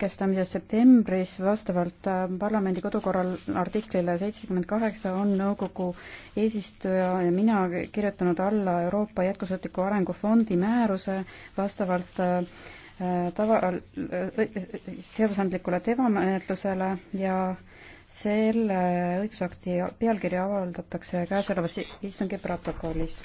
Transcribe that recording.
katkestamises septembris vastavalt äh, parlamendi kodukorral artiklile seitsekümmend kaheksa on nõukogu eesistuja ja mina kirjutanud alla Euroopa Jätkusuutliku Arengu Fondi määruse vastavalt äh, tava, äh, seadusandlikule tevamenetlusele ja selle õigusakti pealkiri avaldatakse käesolevas istungi protokollis.